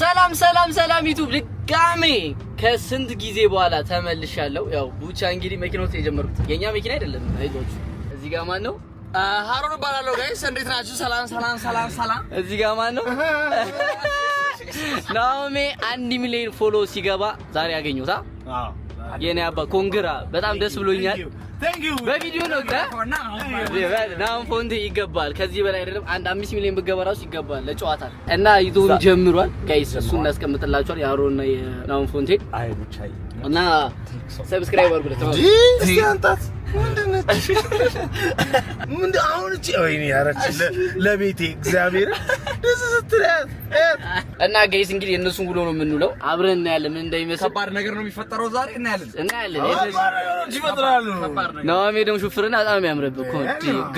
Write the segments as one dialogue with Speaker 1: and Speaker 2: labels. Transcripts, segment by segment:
Speaker 1: ሰላም ሰላም ሰላም ዩቱብ ድጋሜ ከስንት ጊዜ በኋላ ተመልሻለሁ። ያው ቡቻ እንግዲህ መኪናው የጀመርኩት የኛ መኪና አይደለም። አይዞች እዚህ ጋር ማን ነው? ሀሮን እባላለሁ። ጋይስ እንዴት ናችሁ? ሰላም ሰላም ሰላም ሰላም። እዚህ ጋር ማን ነው? ናኦሜ አንድ ሚሊዮን ፎሎ ሲገባ ዛሬ ያገኘሁታ። የኔ አባ ኮንግራ በጣም ደስ ብሎኛል። በቪዲዮ ነው ናም ፎንቲ ይገባል። ከዚህ በላይ አይደለም አንድ አምስት ሚሊዮን ብገባ ራሱ ይገባል ለጨዋታ እና ይዞን ጀምሯል። ጋይስ እሱ እናስቀምጥላችኋል የአሮና የናም ፎንቲ እና ሰብስክራይብ
Speaker 2: አድርጉለት ምንድን አሁን እቺ ወይኔ ያረች ለቤቴ እግዚአብሔር ደስ
Speaker 1: እና ጋይስ እንግዲህ እነሱን ውሎ ነው የምንውለው። አብረን እናያለን ምን እንደሚመስል።
Speaker 2: ከባድ ነገር ነው የሚፈጠረው ዛሬ እናያለን
Speaker 1: እናያለን። ናሜ ደግሞ ሹፍርና በጣም ያምረብ እኮ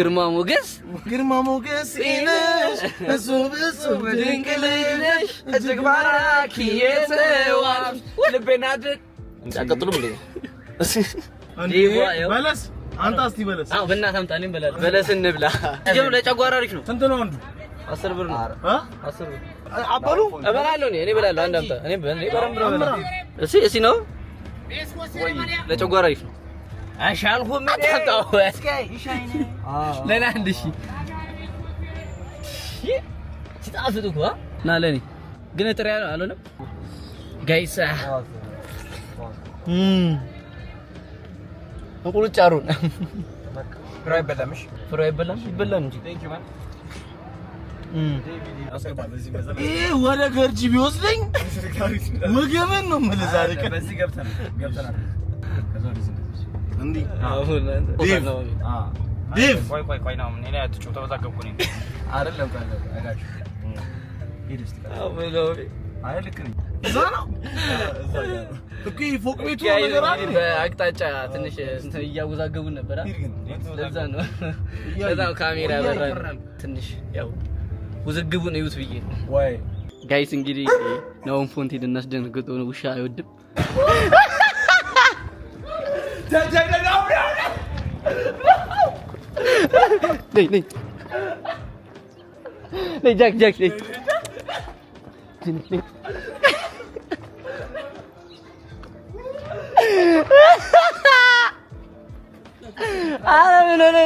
Speaker 1: ግርማ ሞገስ
Speaker 2: ግርማ ሞገስ ነሽ እሱ ብሱ ድንቅ ልጅ እጅግ ባራኪ የሰዋ ልቤና ድቅ ቀጥሉም እንደ በለስ አንተ አስቲ በለስ
Speaker 1: አዎ፣ በእናትህ አምጣ። እኔም በላለሁ በለስ እንብላ። ጀም ለጨጓራ አሪፍ ነው። ስንት ነው አንዱ? አስር ብር ነው።
Speaker 2: አስር ብር አባሉ
Speaker 1: እበላለሁ። እኔ እበላለሁ። አንድ አምጣ። እኔ እበላለሁ። እሺ፣ እሺ ነው። ለጨጓራ አሪፍ ነው። እሺ አልኩህ። ምን ታጣው? ለእኔ አንድ ሺህ ሲጣፍጥ እኮ ና ለእኔ ግን ጥሬ አልሆነም ጋይስ ቁልጭ አሩን ፍሬ አይበላም። እሺ አይበላም፣ ይበላል እንጂ ይሄ ወደ ገርጂ ቢወስደኝ ምግብን ነው የምልህ። ዛሬ ቀን
Speaker 2: እዛ ነው እኮ ፎቅ ቤቱ
Speaker 1: ነገር አለ። በአቅጣጫ ትንሽ እንትን እያወዛገቡ ነበር። ለዛ ነው ለዛ ነው ካሜራ ትንሽ ያው ውዝግቡን እዩት ብዬ ወይ ጋይስ። እንግዲህ ናሆም ፎንቲ ነው። ውሻ አይወድም። ጃክ ጃክ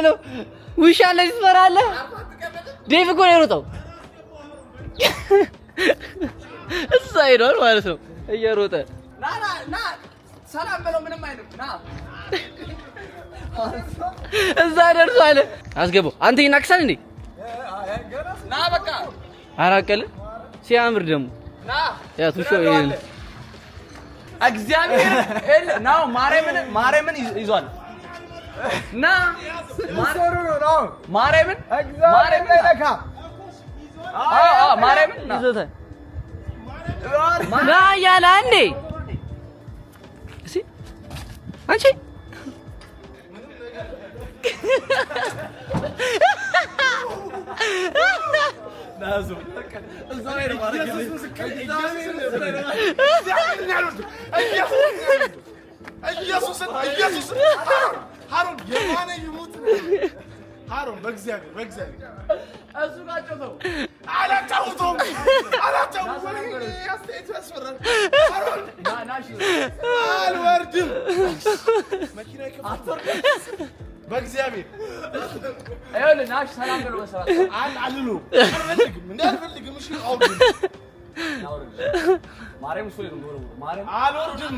Speaker 1: ነው። ውሻ እንደዚህ ትፈራለህ? ዴቭ እኮ ነው የሮጠው። እዛ ሄዷል ማለት ነው እየሮጠ እዛ ደርሶ አለ አስገባው። አንተ ይናክሳል እንዴ? ና በቃ አራቀል ሲያምር ደግሞ ና ያ ቱሾ ይሄን
Speaker 2: እግዚአብሔር ማርያምን ይዟል Na. Mar sorunu no. Maremin? Maremin na ka. Ah, ah, maremin na. Izota.
Speaker 1: Na ya landi. Si. Anchi.
Speaker 2: Nazım. Zahir var. Zahir var. Ay ya susun. Ay ya susun. Ay ya susun. ሀሮን የማነ ይሙት ሀሮን በእግዚአብሔር በእግዚአብሔር
Speaker 1: እሱ ጋጨተው
Speaker 2: አላጫውቶም አላጫው በእግዚአብሔር
Speaker 1: ናሽ ሰላም ብሎ መስራት
Speaker 2: አልሉ አልፈልግም እንደ አልፈልግም እሺ አውርድ አልወርድም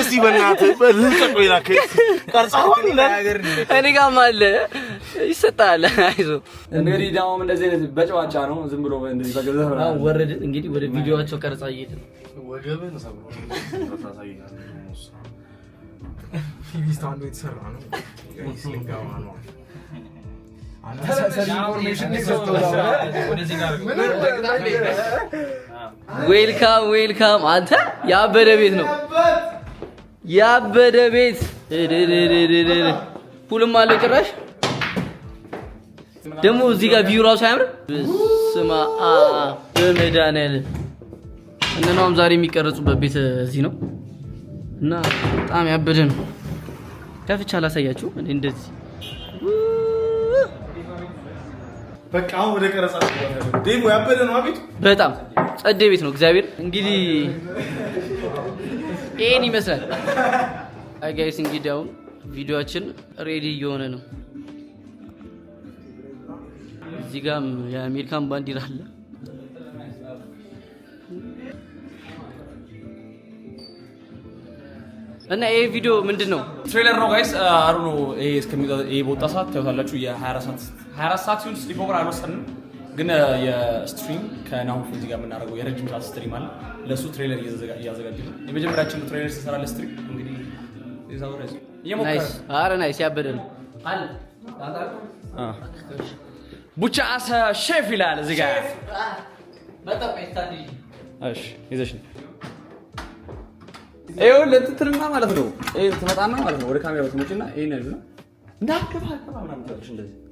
Speaker 2: እስቲ በእናትህ ልቀቆ ይላክ ቀርጻሁን
Speaker 1: እኔ ጋርም አለ ይሰጣል። አይዞህ እንግዲህ ዳማም እንደዚህ አይነት በጨዋጫ ነው። ዝም ብሎ እንደዚህ በገዛ ወረድን። እንግዲህ ወደ ቪዲዮዋቸው ቀርጻ እየሄድን ዌልካም ዌልካም። አንተ ያበደ ቤት ነው ያበደ ቤት ሁሉም አለ። ጭራሽ ደግሞ እዚህ ጋር ቪው ራሱ አያምር። ስማ በመድኃኒዓለም እነናም ዛሬ የሚቀረጹበት ቤት እዚህ ነው እና በጣም ያበደ ነው። ከፍቼ አላሳያችሁ እንደዚህ
Speaker 2: በቃ ወደ ቀረጻ ያበደ ነው። አቤት
Speaker 1: በጣም ጸደ ቤት ነው። እግዚአብሔር እንግዲህ ይሄን ይመስላል። አጋይስ እንግዲህ አሁን ቪዲዮአችን ሬዲ እየሆነ ነው። እዚህ ጋም የአሜሪካን ባንዲራ አለ። እና ይሄ ቪዲዮ ምንድን ነው?
Speaker 2: ትሬለር ነው ጋይስ። አሩ ነው ይሄ እስከሚወጣ ሰዓት ታዩታላችሁ። የ24 ሰዓት 24 ሰዓት ሲሆን ስሊፖቨር አልወሰንም ግን የስትሪም ከናሁን ፌዚ ጋር የምናደርገው የረጅም ሰዓት ስትሪም አለ። ለእሱ ትሬለር እያዘጋጀ ነው። የመጀመሪያችን ትሬለር ስንሰራ ለስትሪም እንግዲህ
Speaker 1: ኧረ ናይስ ያበደ ነው ቡቻ አሰ ሼፍ ይላል እዚህ ጋር ለትትልና ማለት ነው ትመጣና ማለት ነው ወደ ካሜራ ትመጪና ይሄን ነው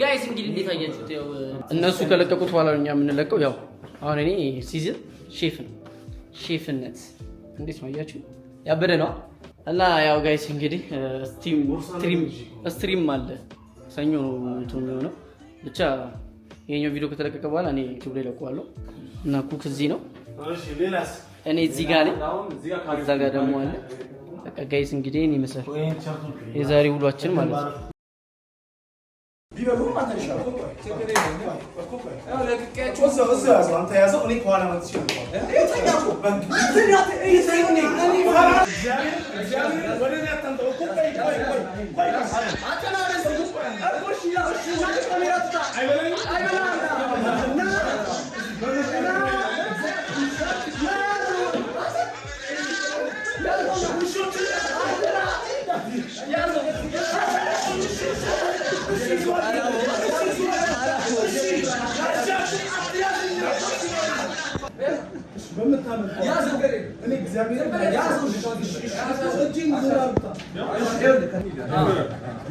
Speaker 1: ጋይስ እንግዲህ እንዴት አያችሁት? እነሱ ከለቀቁት በኋላ እኛ የምንለቀው ያው አሁን እኔ ሲዝን ሼፍ ነው። ሼፍነት እንዴት ነው አያችሁ? ያበደ ነው እና ያው ጋይስ እንግዲህ ስትሪም አለ ሰኞ ነው የሚሆነው። ብቻ የኛው ቪዲዮ ከተለቀቀ በኋላ እኔ ዩቱብ ላይ ለቀዋለሁ። እና ኩክ እዚህ ነው፣ እኔ እዚህ ጋር ነኝ፣ እዛ ጋር ደግሞ አለ። በቃ ጋይስ እንግዲህ እኔ ይመስላል የዛሬ ውሏችን ማለት ነው።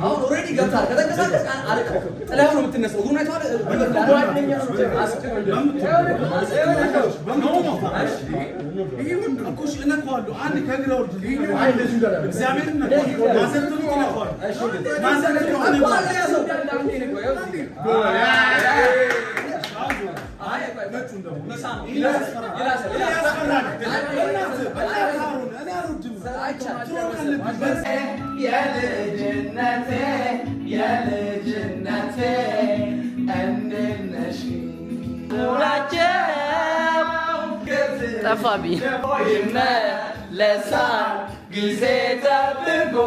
Speaker 1: አሁን ኦልሬዲ ገብታል። ከተንቀሳቀስ አልቀው ጥላው ነው የምትነሳው። እግሩን አይተዋል። የልጅነቴ የልጅነቴ እንነሽ ውላቸው ጠፋቢ ይመለሳ ጊዜ ጠብቆ